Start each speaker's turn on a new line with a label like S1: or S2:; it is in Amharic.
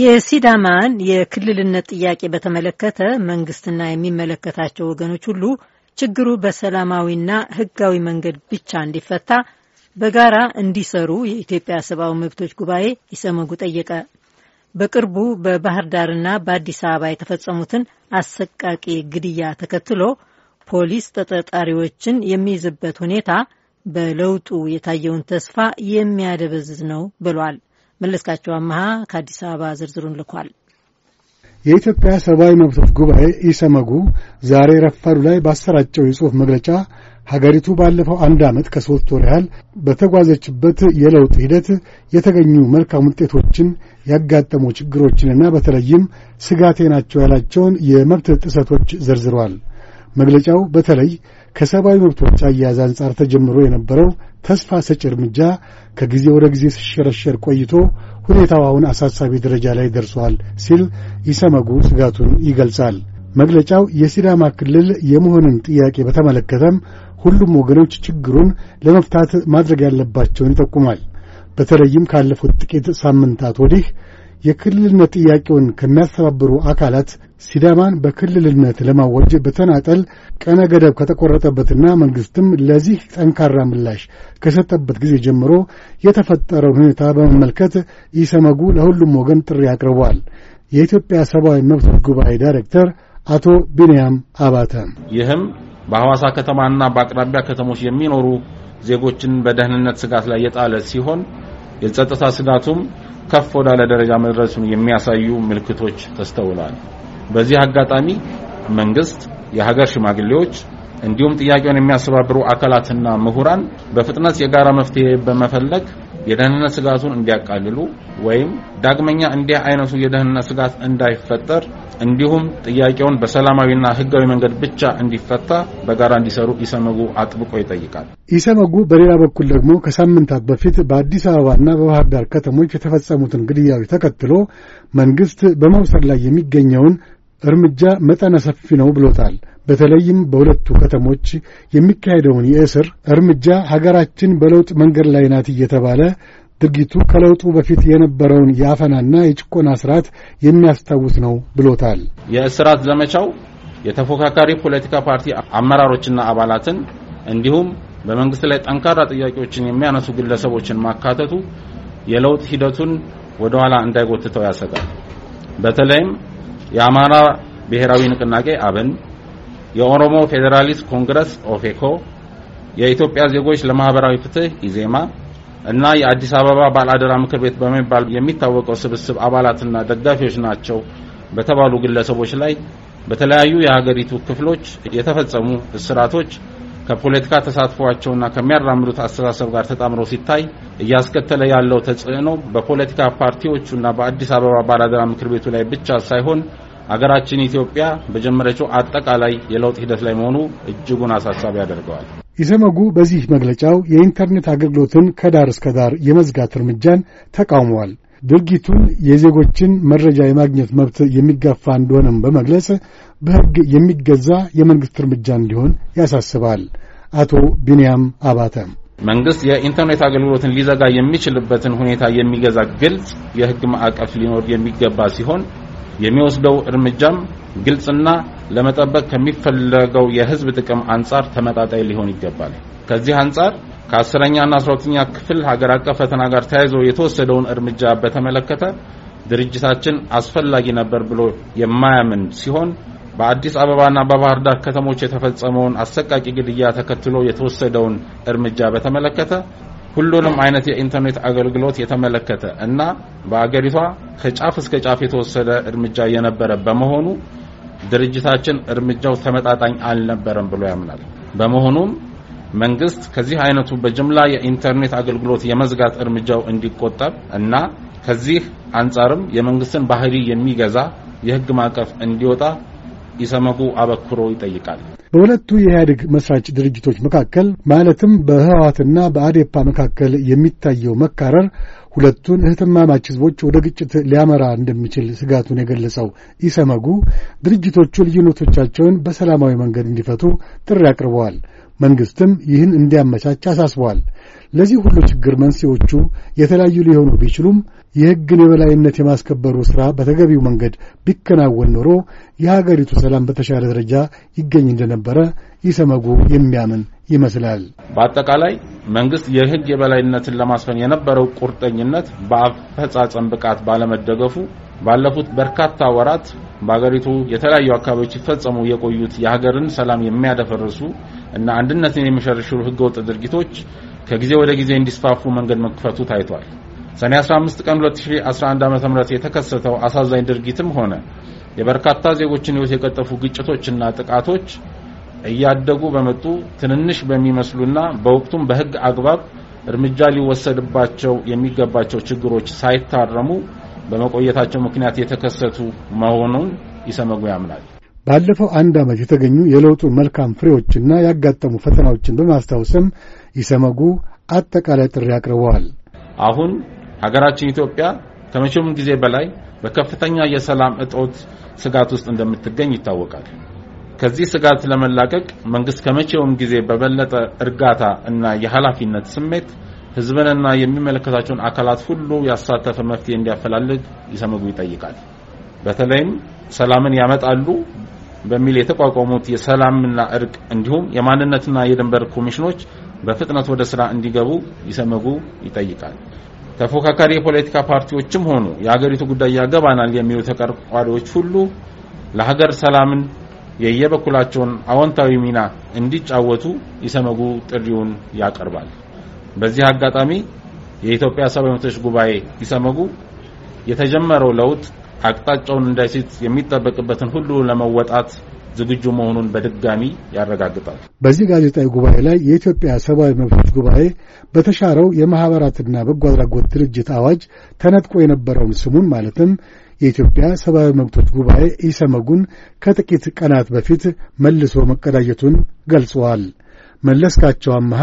S1: የሲዳማን የክልልነት ጥያቄ በተመለከተ መንግስትና የሚመለከታቸው ወገኖች ሁሉ ችግሩ በሰላማዊና ህጋዊ መንገድ ብቻ እንዲፈታ በጋራ እንዲሰሩ የኢትዮጵያ ሰብአዊ መብቶች ጉባኤ ኢሰመጉ ጠየቀ። በቅርቡ በባህር ዳርና በአዲስ አበባ የተፈጸሙትን አሰቃቂ ግድያ ተከትሎ ፖሊስ ተጠርጣሪዎችን የሚይዝበት ሁኔታ በለውጡ የታየውን ተስፋ የሚያደበዝዝ ነው ብሏል። መለስካቸው አመሃ ከአዲስ አበባ ዝርዝሩን ልኳል። የኢትዮጵያ ሰብአዊ መብቶች ጉባኤ ኢሰመጉ ዛሬ ረፋዱ ላይ ባሰራጨው የጽሑፍ መግለጫ ሀገሪቱ ባለፈው አንድ ዓመት ከሦስት ወር ያህል በተጓዘችበት የለውጥ ሂደት የተገኙ መልካም ውጤቶችን፣ ያጋጠሙ ችግሮችንና በተለይም ስጋቴ ናቸው ያላቸውን የመብት ጥሰቶች ዘርዝረዋል። መግለጫው በተለይ ከሰብአዊ መብቶች አያያዝ አንጻር ተጀምሮ የነበረው ተስፋ ሰጭ እርምጃ ከጊዜ ወደ ጊዜ ሲሸረሸር ቆይቶ ሁኔታው አሁን አሳሳቢ ደረጃ ላይ ደርሷል ሲል ኢሰመጉ ስጋቱን ይገልጻል። መግለጫው የሲዳማ ክልል የመሆንን ጥያቄ በተመለከተም ሁሉም ወገኖች ችግሩን ለመፍታት ማድረግ ያለባቸውን ይጠቁማል። በተለይም ካለፉት ጥቂት ሳምንታት ወዲህ የክልልነት ጥያቄውን ከሚያስተባብሩ አካላት ሲዳማን በክልልነት ለማወጅ በተናጠል ቀነ ገደብ ከተቆረጠበትና መንግስትም ለዚህ ጠንካራ ምላሽ ከሰጠበት ጊዜ ጀምሮ የተፈጠረውን ሁኔታ በመመልከት ኢሰመጉ ለሁሉም ወገን ጥሪ አቅርቧል። የኢትዮጵያ ሰብአዊ መብቶች ጉባኤ ዳይሬክተር አቶ ቢንያም አባተ
S2: ይህም በሐዋሳ ከተማና በአቅራቢያ ከተሞች የሚኖሩ ዜጎችን በደህንነት ስጋት ላይ የጣለ ሲሆን የጸጥታ ስጋቱም ከፍ ወዳለ ደረጃ መድረሱን የሚያሳዩ ምልክቶች ተስተውለዋል። በዚህ አጋጣሚ መንግስት፣ የሀገር ሽማግሌዎች እንዲሁም ጥያቄውን የሚያስተባብሩ አካላትና ምሁራን በፍጥነት የጋራ መፍትሄ በመፈለግ የደህንነት ስጋቱን እንዲያቃልሉ ወይም ዳግመኛ እንዲህ አይነቱ የደህንነት ስጋት እንዳይፈጠር እንዲሁም ጥያቄውን በሰላማዊና ሕጋዊ መንገድ ብቻ እንዲፈታ በጋራ እንዲሰሩ ኢሰመጉ አጥብቆ ይጠይቃል።
S1: ኢሰመጉ በሌላ በኩል ደግሞ ከሳምንታት በፊት በአዲስ አበባና በባህር ዳር ከተሞች የተፈጸሙትን ግድያዎች ተከትሎ መንግስት በመውሰድ ላይ የሚገኘውን እርምጃ መጠነ ሰፊ ነው ብሎታል። በተለይም በሁለቱ ከተሞች የሚካሄደውን የእስር እርምጃ ሀገራችን በለውጥ መንገድ ላይ ናት እየተባለ ድርጊቱ ከለውጡ በፊት የነበረውን የአፈናና የጭቆና ስርዓት የሚያስታውስ ነው ብሎታል።
S2: የእስራት ዘመቻው የተፎካካሪ ፖለቲካ ፓርቲ አመራሮችና አባላትን እንዲሁም በመንግስት ላይ ጠንካራ ጥያቄዎችን የሚያነሱ ግለሰቦችን ማካተቱ የለውጥ ሂደቱን ወደኋላ እንዳይጎትተው ያሰጋል። በተለይም የአማራ ብሔራዊ ንቅናቄ አብን፣ የኦሮሞ ፌዴራሊስት ኮንግረስ ኦፌኮ፣ የኢትዮጵያ ዜጎች ለማህበራዊ ፍትህ ኢዜማ እና የአዲስ አበባ ባለአደራ ምክር ቤት በመባል የሚታወቀው ስብስብ አባላትና ደጋፊዎች ናቸው በተባሉ ግለሰቦች ላይ በተለያዩ የሀገሪቱ ክፍሎች የተፈጸሙ እስራቶች ከፖለቲካ ተሳትፏቸውና ከሚያራምዱት አስተሳሰብ ጋር ተጣምሮ ሲታይ እያስከተለ ያለው ተጽዕኖ በፖለቲካ ፓርቲዎቹና በአዲስ አበባ ባላደራ ምክር ቤቱ ላይ ብቻ ሳይሆን አገራችን ኢትዮጵያ በጀመረችው አጠቃላይ የለውጥ ሂደት ላይ መሆኑ እጅጉን አሳሳቢ ያደርገዋል።
S1: ኢሰመጉ በዚህ መግለጫው የኢንተርኔት አገልግሎትን ከዳር እስከ ዳር የመዝጋት እርምጃን ተቃውመዋል። ድርጊቱን የዜጎችን መረጃ የማግኘት መብት የሚጋፋ እንደሆነም በመግለጽ በሕግ የሚገዛ የመንግሥት እርምጃ እንዲሆን ያሳስባል። አቶ ቢንያም አባተ
S2: መንግስት የኢንተርኔት አገልግሎትን ሊዘጋ የሚችልበትን ሁኔታ የሚገዛ ግልጽ የሕግ ማዕቀፍ ሊኖር የሚገባ ሲሆን የሚወስደው እርምጃም ግልጽና ለመጠበቅ ከሚፈለገው የሕዝብ ጥቅም አንጻር ተመጣጣኝ ሊሆን ይገባል። ከዚህ አንጻር ከአስረኛና አስራ ሁለተኛ ክፍል ሀገር አቀፍ ፈተና ጋር ተያይዞ የተወሰደውን እርምጃ በተመለከተ ድርጅታችን አስፈላጊ ነበር ብሎ የማያምን ሲሆን በአዲስ አበባና በባህር ዳር ከተሞች የተፈጸመውን አሰቃቂ ግድያ ተከትሎ የተወሰደውን እርምጃ በተመለከተ ሁሉንም አይነት የኢንተርኔት አገልግሎት የተመለከተ እና በአገሪቷ ከጫፍ እስከ ጫፍ የተወሰደ እርምጃ የነበረ በመሆኑ ድርጅታችን እርምጃው ተመጣጣኝ አልነበረም ብሎ ያምናል። በመሆኑም መንግስት ከዚህ አይነቱ በጅምላ የኢንተርኔት አገልግሎት የመዝጋት እርምጃው እንዲቆጠብ እና ከዚህ አንጻርም የመንግስትን ባህሪ የሚገዛ የህግ ማዕቀፍ እንዲወጣ ኢሰመጉ አበክሮ ይጠይቃል።
S1: በሁለቱ የኢህአዴግ መስራች ድርጅቶች መካከል ማለትም በህወሓትና በአዴፓ መካከል የሚታየው መካረር ሁለቱን እህትማማች ህዝቦች ወደ ግጭት ሊያመራ እንደሚችል ስጋቱን የገለጸው ኢሰመጉ ድርጅቶቹ ልዩነቶቻቸውን በሰላማዊ መንገድ እንዲፈቱ ጥሪ አቅርበዋል። መንግሥትም ይህን እንዲያመቻች አሳስበዋል። ለዚህ ሁሉ ችግር መንስኤዎቹ የተለያዩ ሊሆኑ ቢችሉም የሕግን የበላይነት የማስከበሩ ሥራ በተገቢው መንገድ ቢከናወን ኖሮ የሀገሪቱ ሰላም በተሻለ ደረጃ ይገኝ እንደነበረ ይሰመጉ የሚያምን ይመስላል።
S2: በአጠቃላይ መንግሥት የሕግ የበላይነትን ለማስፈን የነበረው ቁርጠኝነት በአፈጻጸም ብቃት ባለመደገፉ ባለፉት በርካታ ወራት በሀገሪቱ የተለያዩ አካባቢዎች ሲፈጸሙ የቆዩት የሀገርን ሰላም የሚያደፈርሱ እና አንድነትን የሚሸርሽሩ ህገወጥ ድርጊቶች ከጊዜ ወደ ጊዜ እንዲስፋፉ መንገድ መክፈቱ ታይቷል። ሰኔ 15 ቀን 2011 ዓ.ም የተከሰተው አሳዛኝ ድርጊትም ሆነ የበርካታ ዜጎችን ህይወት የቀጠፉ ግጭቶችና ጥቃቶች እያደጉ በመጡ ትንንሽ በሚመስሉና በወቅቱም በህግ አግባብ እርምጃ ሊወሰድባቸው የሚገባቸው ችግሮች ሳይታረሙ በመቆየታቸው ምክንያት የተከሰቱ መሆኑን ኢሰመጉ ያምናል።
S1: ባለፈው አንድ ዓመት የተገኙ የለውጡ መልካም ፍሬዎችና ያጋጠሙ ፈተናዎችን በማስታወስም ኢሰመጉ አጠቃላይ ጥሪ አቅርበዋል።
S2: አሁን ሀገራችን ኢትዮጵያ ከመቼውም ጊዜ በላይ በከፍተኛ የሰላም እጦት ስጋት ውስጥ እንደምትገኝ ይታወቃል። ከዚህ ስጋት ለመላቀቅ መንግስት ከመቼውም ጊዜ በበለጠ እርጋታ እና የኃላፊነት ስሜት ህዝብንና የሚመለከታቸውን አካላት ሁሉ ያሳተፈ መፍትሄ እንዲያፈላልግ ይሰመጉ ይጠይቃል። በተለይም ሰላምን ያመጣሉ በሚል የተቋቋሙት የሰላምና እርቅ እንዲሁም የማንነትና የድንበር ኮሚሽኖች በፍጥነት ወደ ስራ እንዲገቡ ይሰመጉ ይጠይቃል። ተፎካካሪ የፖለቲካ ፓርቲዎችም ሆኑ የሀገሪቱ ጉዳይ ያገባናል የሚሉ ተቀርቋሪዎች ሁሉ ለሀገር ሰላምን የየበኩላቸውን አዎንታዊ ሚና እንዲጫወቱ ኢሰመጉ ጥሪውን ያቀርባል። በዚህ አጋጣሚ የኢትዮጵያ ሰብአዊ መብቶች ጉባኤ ኢሰመጉ የተጀመረው ለውጥ አቅጣጫውን እንዳይስት የሚጠበቅበትን ሁሉ ለመወጣት ዝግጁ መሆኑን በድጋሚ ያረጋግጣል።
S1: በዚህ ጋዜጣዊ ጉባኤ ላይ የኢትዮጵያ ሰብአዊ መብቶች ጉባኤ በተሻረው የማኅበራትና በጎ አድራጎት ድርጅት አዋጅ ተነጥቆ የነበረውን ስሙን ማለትም የኢትዮጵያ ሰብአዊ መብቶች ጉባኤ ኢሰመጉን ከጥቂት ቀናት በፊት መልሶ መቀዳጀቱን ገልጸዋል። መለስካቸው አመሃ